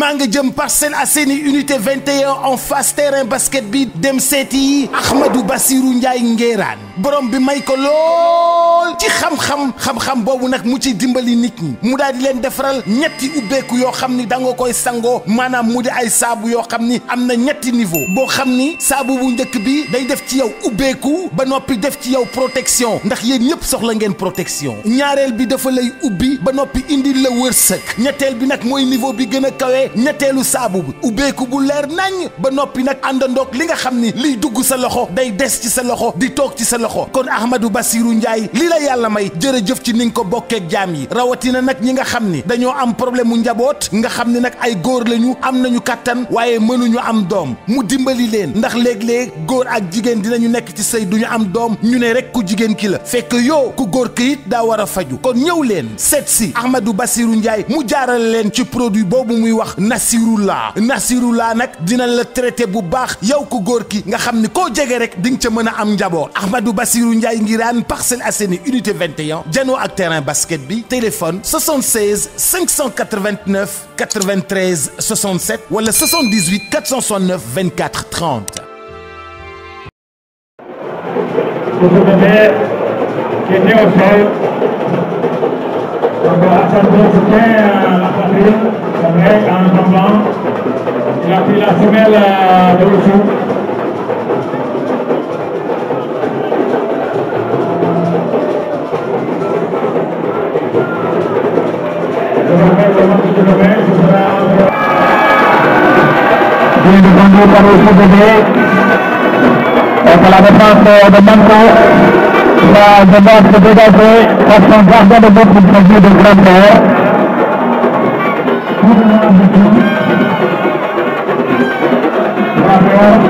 maa nga jëm Parcelles Assainies unité 21 en fas terrain basket bi dem seeti Ahmadou Bassirou Ndiaye Ngéraan borom bi may ko lool ci xam-xam xam-xam boobu nag mu ci dimbali nit ñi mu daal di leen defaral ñetti ubbeeku yoo xam ni da nga koy sangoo maanaam mu di ay saabu yoo xam ni am na ñetti niveau boo xam ni saabu bu njëkk bi day def ci yow ubbeeku ba noppi def ci yow protection ndax yéen ñëpp soxla ngeen protection ñaareel bi dafa lay ubbi ba noppi indil la bi nag mooy niveau bi ñetteelu saabu bi ubbeeku bu leer nañ ba noppi nag àndandoog li nga xam ni liy dugg sa loxo day des ci sa loxo di toog ci sa loxo kon ahmadu Bassirou Ndiaye li la yàlla may jërëjëf ci ni nga ko bokkeeg jaam yi rawatina nag ñi nga xam ni dañoo am problème mu njaboot nga xam ni nag ay góor lañu am nañu kàttan waaye mënuñu am doom mu dimbali leen ndax léeg-léeg góor ak jigéen dinañu nekk ci say duñu am doom ñu ne rek ku jigéen ki la fekk yow ku góor ki it daa war a faju kon ñëw leen seet si Ahmadou Bassirou Ndiaye mu jaarale leen ci produit boobu muy wax Nasirullah Nasirullah nag dina la traité bu baax yow ku góor ki nga xam ni koo jege rek di nga ca mën a am njaboot Ahmadou Bassirou Ndiaye Ngirane Parcelles Assainies unité 21 janoo ak terrain basket bi téléphone 76 589 93 67 wala 78 469 24 30. Coupe de mer qui est née au sol. Donc, à sa soutien à la patrie. mais en attendant il a pris la semelle euh, de dessous Bien défendu par le CDD. Et la défense de Manco, la défense de dégagée par son gardien de but du produit de grandeur. Thank you.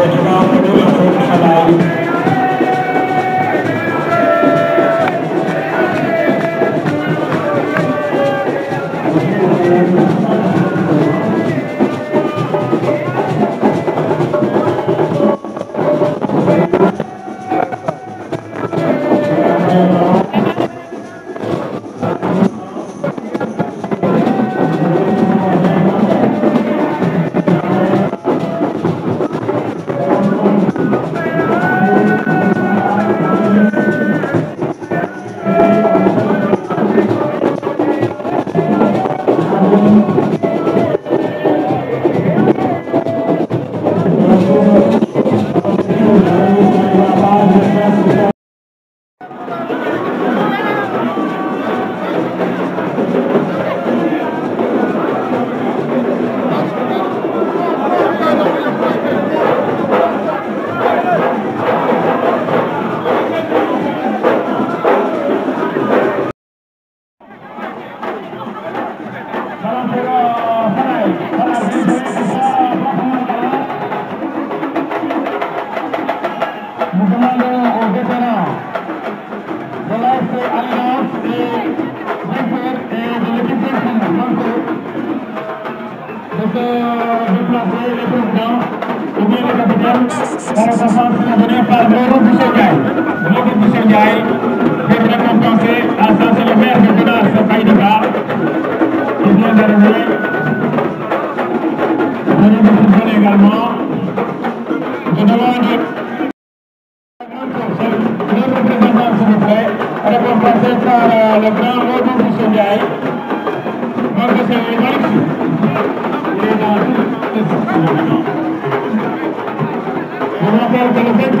وجماعة الخلائق Nous demandons aux vétérans de l'AFC Alliance et de l'équipe de se déplacer les présidents ou bien les capitaines pour le commencement donné par l'Europe du Sénégal. L'Europe du Sénégal est récompensée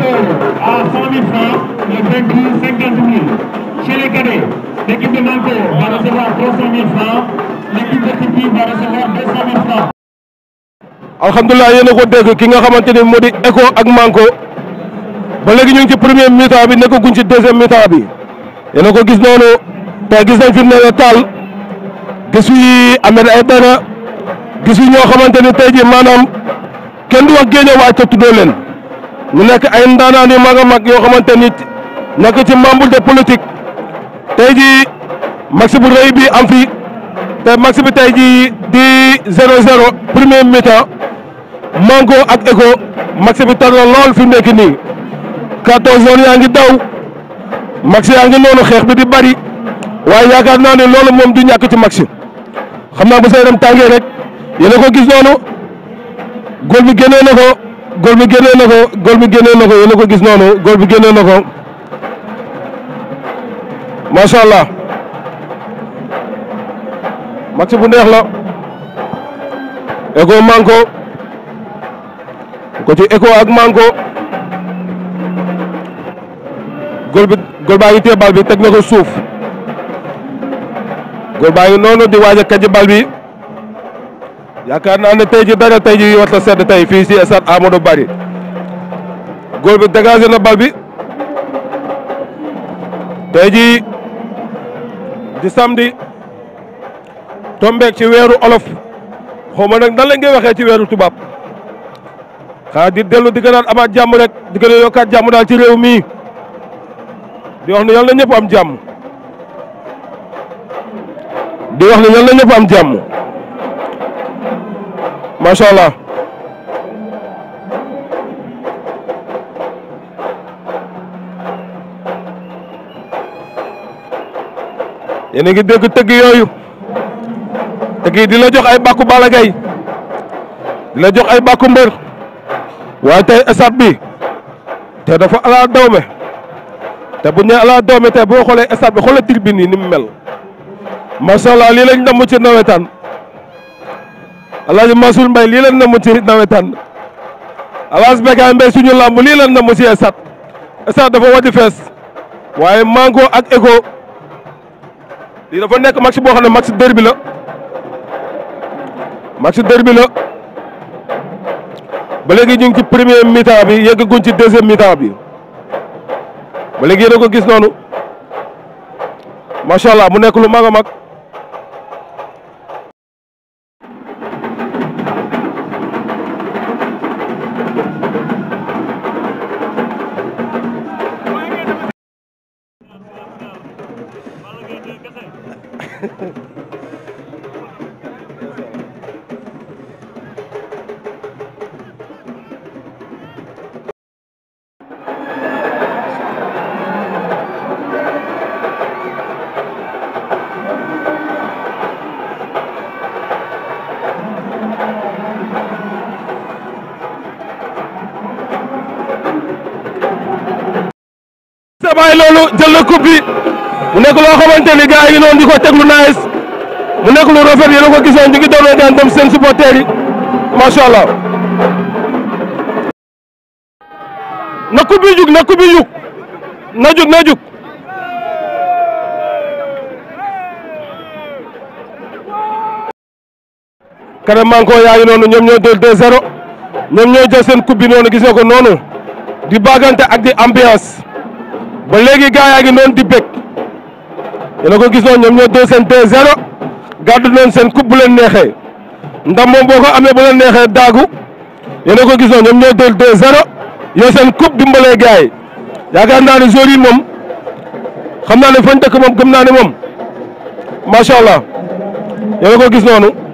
à 100 000 francs, le ko dégg ki nga xamante ni moo di ak Manko ba léegi ñu ngi ci premier mi-temps bi nekkaguñ ci deuxième mi-temps bi yéen ko gis noonu te gis nañ fi mu ne taal gis yi Ahmed Aïdara gis yi ñoo xamante ni tey jii kenn du wax géejawaay te tuddoo leen. mu nekk ay ndaanaan yu mag a yoo xamante ni nekk ci membre de politique tey jii match bu rëy bi am fi te match bi tey jii di 0-0 premier mi-temps Manko ak Eco match bi tar na lool fi mu nekk nii 14 zones yaa ngi daw match yaa ngi noonu xeex bi di bari waaye yaakaar naa ne loolu moom du ñàkk ci match xam naa bu sa rek yéen a ko gis noonu góol bi génnee ko. góol bi génnee na ko góol bi génnee na ko yéen a ko gis noonu góol bi génnee na ko macha allah match bu neex la Eko Manko ko ci Eko ak Manko góol bi góol baa ngi téye bal bi teg na ko suuf góol baa ngi noonu di waaj a bal bi. yaakaar naa ne tey ji dara tey ji war sedd tey fii si stade Amadou Barry góol bi dégagé na bal bi tey ji di samedi tombeek ci weeru olof xaw ma nag nan la ngay waxee ci weeru tubaab xanaa di dellu di gënaat amaat jàmm rek di gën yokkaat jàmm daal ci réew mii di wax ne yàlla na ñëpp am jàmm di wax ne yàlla na ñëpp am jàmm macha allah. yéen a ngi tëgg yooyu tëgg yi di la jox ay bàkku Balla Gaye la jox ay bàkku mbër waaye tey stade bi te dafa ala dawme te bu ñu nee dawme tey boo xoolee stade bi xoolee tribune ni mu mel macha allah lii lañ damm ci nawetaan. alaaji Mansour Mbaye lii lan na mu ci nawetaan alaas Becaye Mbaye suñu làmb lii lan na mu ci esat esat dafa wadi fees waaye mango ak écho lii dafa nekk match boo xam ne match derby la match derby la ba léegi ñu ngi ci premier mi-temps bi yeggaguñ ci deuxième mita bi ba léegi yéen a ko gis noonu macha mu nekk lu mag mag bay loolu jël na coupe bi mu nekk loo xamante ni gars yi noonu di ko teg lu naaj mu nekk lu rafet yéen a ko gisoon ñu ngi doon daan dem seen supporters yi macha allah. na ku bi jug na bi jug na jug na jug. kanam manko yaa ngi noonu ñoom ñoo jël 2-0 ñoom ñoo jël seen coupe bi noonu gis nga ko noonu di bagante ak di ambiance ba léegi gars yaa ngi noonu di bëgg. yéen a ko gis noonu ñoom ñoo dóor seen 2-0 gàddu noonu seen coupe bu leen neexee ndam moom boo ko amee bu leen neexee daagu yéen ko gis noonu ñoom ñoo dóor 2-0 yoo seen coupe dimbalee gars yi yaakaar naa ne joueurs yi moom xam naa ne fañ dëkk moom gëm naa ne moom macha allah yéen a ko gis noonu.